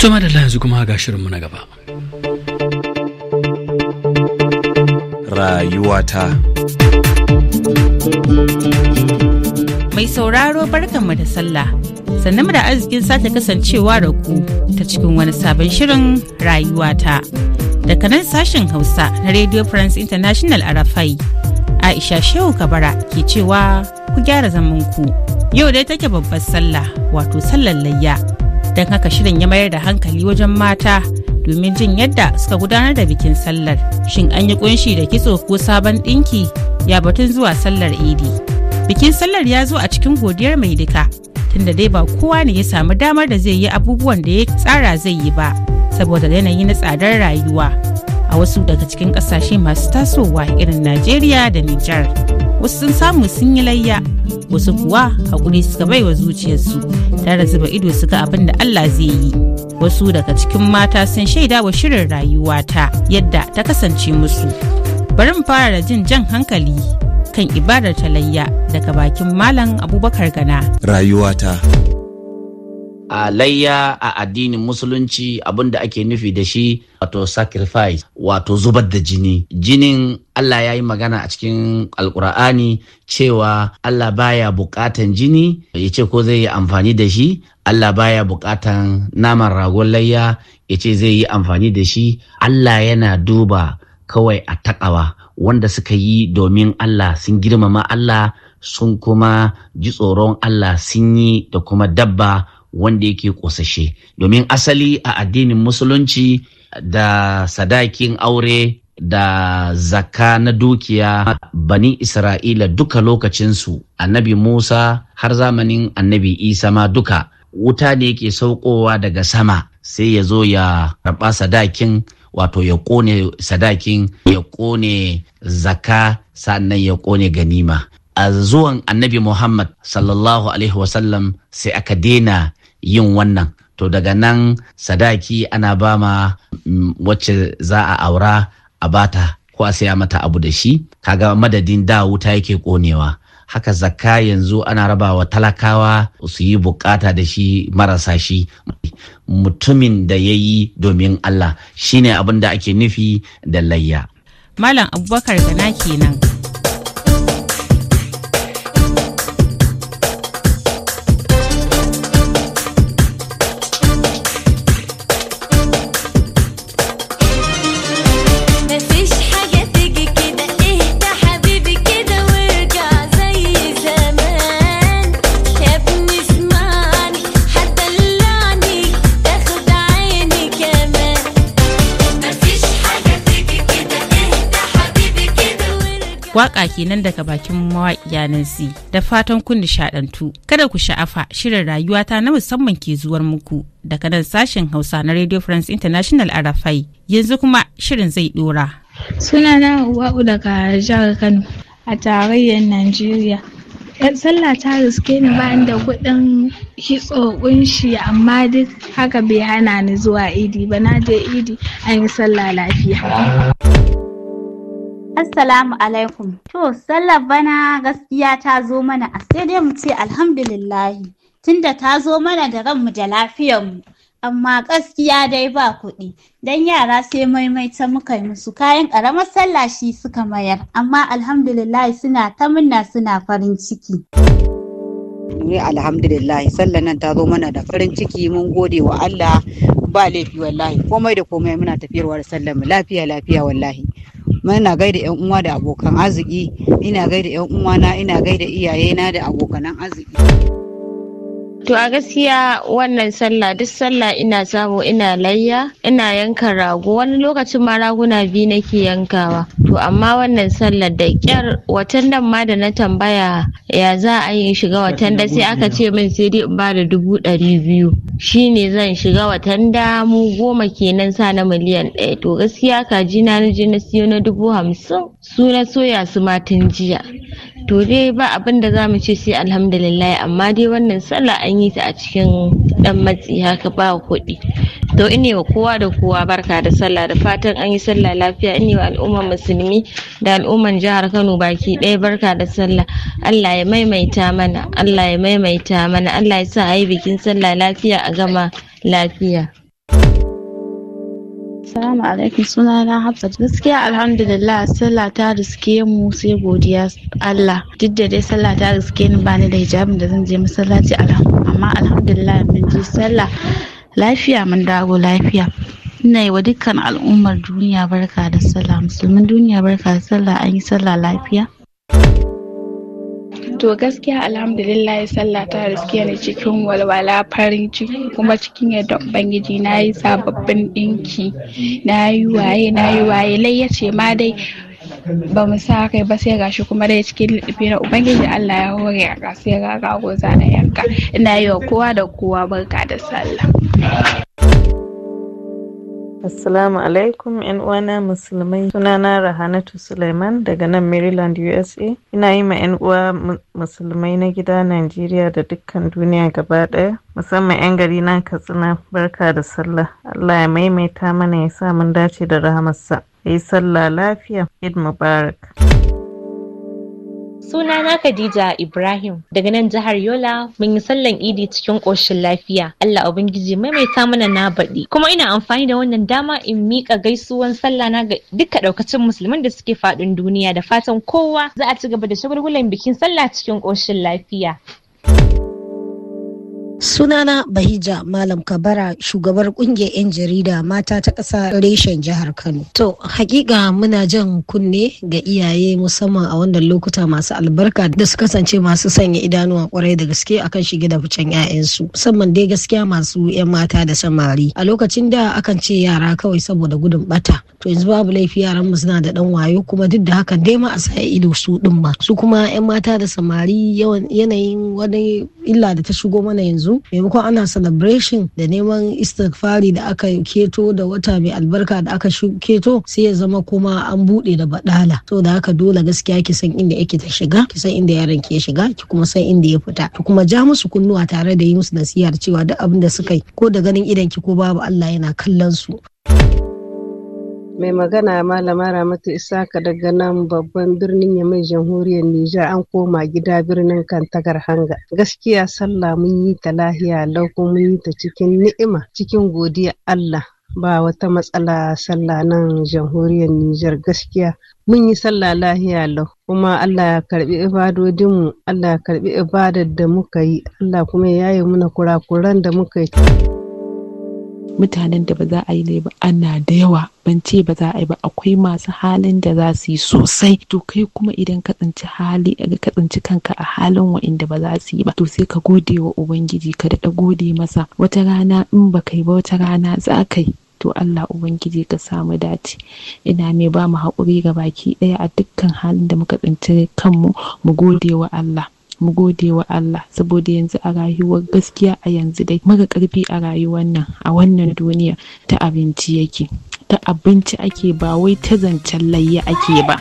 Tuma da yanzu kuma ga shirinmu na gaba. Rayuwata Mai sauraro barkanmu da sallah, sannan da arzikin sake kasancewa da ku ta cikin wani sabon shirin rayuwata. Daga nan sashen Hausa na Radio France International a Rafai, Aisha Shehu Kabara ke cewa ku gyara zamanku. Yau dai take babbar sallah wato sallar layya don haka shirin ya mayar da hankali wajen mata domin jin yadda suka gudanar da bikin sallar shin an yi kunshi da kitso ko sabon ɗinki ya batun zuwa sallar idi bikin sallar ya zo a cikin godiyar mai duka tunda dai ba kowa ne ya samu damar da zai yi abubuwan da ya tsara zai yi ba saboda yanayi na tsadar rayuwa a wasu daga cikin kasashe masu tasowa irin najeriya da nijar wasu sun samu sun yi layya wasu kuwa hakuri suka bai wa zuciyarsu tare zuba ido suka abin da Allah zai yi wasu daga cikin mata sun shaida wa shirin rayuwata yadda ta kasance musu bari mu fara da jin jan hankali kan ibadar talayya daga bakin malam abubakar gana rayuwata a layya a addinin musulunci abin da ake nufi da shi wato sacrifice wato zubar da jini jinin Allah ya yi magana a cikin alkur'ani cewa Allah baya bukatan jini ya ce ko zai yi amfani da shi Allah baya bukatan naman ragon layya ya ce zai yi amfani da shi Allah yana duba kawai a takawa wanda suka yi domin Allah sun girmama Allah sun kuma ji tsoron Allah sun yi da kuma dabba wanda yake kosashe domin asali a addinin musulunci da sadakin aure da zaka na dukiya bani isra'ila duka lokacinsu annabi musa har zamanin annabi isa ma duka wuta ne yake saukowa daga sama sai ya zo ya karɓa sadakin wato ya kone sadakin ya kone zaka sannan ya kone ganima a zuwan annabi muhammad sallallahu alaihi wasallam sai aka daina yin wannan to daga nan sadaki ana ba ma mm, wacce za a aura a bata ko a saya mata abu da shi kaga madadin da wuta yake konewa haka zakka yanzu ana rabawa talakawa su yi bukata da shi marasa shi mutumin da ya yi domin Allah shine abin da ake nufi da layya. Malam Abubakar Gana kenan. waka kenan daga bakin mawaƙiya Nancy da fatan kun nishaɗantu. Kada ku sha'afa shirin rayuwata na musamman ke zuwar muku daga nan sashen Hausa na Radio France International Arafai. Yanzu kuma shirin zai ɗora. Sunana Uwa'u daga jihar Kano a tarayyar Najeriya. yan sallah ta riske ni bayan da kuɗin hitso kunshi amma duk haka bai hana ni zuwa idi ba na je idi an yi sallah lafiya Assalamu alaikum. To, sallar bana gaskiya ta zo mana a sai dai mu ce alhamdulillahi tunda ta zo mana da ranmu da lafiyar mu. Amma gaskiya dai ba kuɗi, don yara sai maimaita muka yi musu kayan ƙaramar sallah shi suka mayar, amma alhamdulillahi suna ta munna suna farin ciki. Ni alhamdulillah sallar nan ta zo mana da farin ciki mun gode wa Allah ba laifi wallahi komai da komai muna tafiyarwa da sallar mu lafiya lafiya wallahi ina gaida yan uwa da abokan arziki ina gaida yan na. ina gaida iyayena da abokanan arziki To a gaskiya wannan sallah duk sallah ina samu ina layya ina yanka rago wani lokacin ma raguna biyu nake yankawa. To amma wannan sallah da kyar watan nan ma da na tambaya ya za a yi shiga watan da sai aka ce min sai dai in ba da dubu ɗari biyu. Shi ne zan shiga watan da mu goma kenan sa na miliyan ɗaya. To gaskiya kaji na na na siyo na dubu hamsin su na soya su matan jiya. to dai ba abin da za mu ce sai alhamdulillah amma dai wannan sallah an yi ta a cikin dan matsi haka ba kuɗi to ine wa kowa da kowa barka da sallah da fatan an yi sallah lafiya ine wa al'umma musulmi da al'umman jihar kano baki ɗaya barka da sallah allah ya maimaita mana allah ya maimaita mana allah ya sa a yi bikin sallah lafiya a gama lafiya Salamu alaikum na Hafsat. Gaskiya alhamdulillah sallah ta riske mu sai godiya Allah. Duk da dai sallah ta riske ni bani da hijabin da zan je masallaci alhamdulillah amma alhamdulillah mun je sallah lafiya mun dawo lafiya. Ina yi wa dukkan al'ummar duniya barka da sallah musulmin duniya barka da sallah an yi sallah lafiya. To gaskiya alhamdulillah sallah ta riskiya ni cikin walwala farin ciki kuma cikin yadda ubangiji na yi sababbin ɗinki na yi waye na yi waye lai ya ce ma dai ba mu sa kai ba sai gashi kuma dai cikin lulluɓe na ubangiji Allah ya hore a sai ga ga na yanka ina yi wa kowa da kowa barka da sallah. Assalamu alaikum ‘yan uwana musulmai sunana Rahanatu Suleiman daga nan Maryland USA. Ina yi ma ‘yan uwa musulmai na gida Najeriya da dukkan duniya gaba ɗaya. Musamman ‘yan gari na Katsina barka da sallah. Allah ya maimaita mana ya sa mun dace da rahamarsa. ya Yi sallah lafiya. Eid Mubarak. Suna na Khadija Ibrahim daga nan jihar Yola mun yi sallan Idi cikin koshin lafiya. Allah Ubangiji maimaita mana na baɗi. Kuma ina amfani da wannan dama in miƙa gaisuwan sallah na ga duka ɗaukacin musulman da suke faɗin duniya da fatan kowa za a ci gaba da shagulgulan bikin sallah cikin koshin lafiya. Sunana Bahija Malam Kabara shugabar kungiyar 'yan jarida mata ta ƙasa reshen jihar Kano. To, hakika muna jan kunne ga iyaye musamman a wannan lokuta masu albarka da su kasance masu sanya idanuwa kwarai da gaske akan shige da ficen 'ya'yansu. Musamman dai gaskiya masu 'yan mata da samari. A lokacin da akan ce yara kawai saboda gudun bata. To yanzu babu laifi yaran mu suna da dan wayo kuma duk da hakan dai ma a sa ido su din ma. Su kuma 'yan mata da samari yawan yanayin wani illa da ta shigo mana yanzu yanzu maimakon ana celebration da neman istighfari da aka keto da wata mai albarka da aka keto sai ya zama kuma an bude da badala to da haka dole gaskiya ki san inda yake ta shiga ki san inda yaron ki ya shiga ki kuma san inda ya fita ki kuma ja musu kunnuwa tare da yi musu nasiha cewa duk abin da suka yi ko da ganin idan ki ko babu Allah yana kallon su Mai magana Malama Ramatu Isaka daga nan babban birnin ya mai jamhuriyar Nijar an koma gida birnin Kantagar Hanga. Gaskiya sallah mun yi ta lahiya lau mun yi ta cikin ni'ima cikin godiya Allah. ba wata matsala sallah nan jamhuriyar Nijar gaskiya mun yi sallah lahiya lau kuma Allah ya karbi ibadodinmu Allah ya karbi ibadar da muka yi Allah kuma ya yaye muna kurakuran da muka yi mutanen da ba za a yi ne ba ana da yawa ban ce ba za a yi ba akwai masu halin da za su yi sosai to kai kuma idan ka tsinci hali ka tsinci kanka a halin wa'inda ba za su yi ba to sai ka gode wa ubangiji ka daɗa gode masa wata rana in ba kai ba wata rana za ka yi to Allah Ubangiji ka samu dace ina mai ba mu haƙuri ga baki ɗaya a dukkan halin da muka tsinci kanmu mu gode wa Allah mu gode wa Allah saboda yanzu a rayuwar gaskiya a yanzu dai mara karfi a rayuwar nan a wannan duniya ta abinci yake ta abinci ake ba wai ta zancen layya ake ba.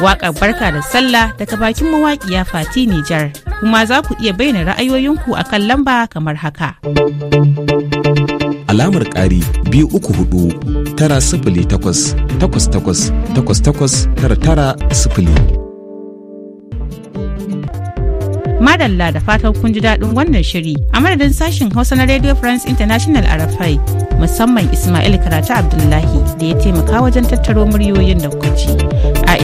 waƙar barka da sallah daga bakin mawaƙiya fati Nijar. Kuma za ku iya bayyana ra'ayoyinku a kan lamba kamar haka. Alamar ƙari biyu uku hudu tara sifili takwas takwas takwas takwas takwas tara tara sifili. Madalla da fatan kun ji daɗin wannan shiri a madadin sashen Hausa na Radio France International Arafai musamman Ismail Karatu Abdullahi da ya taimaka wajen tattaro muryoyin da kuka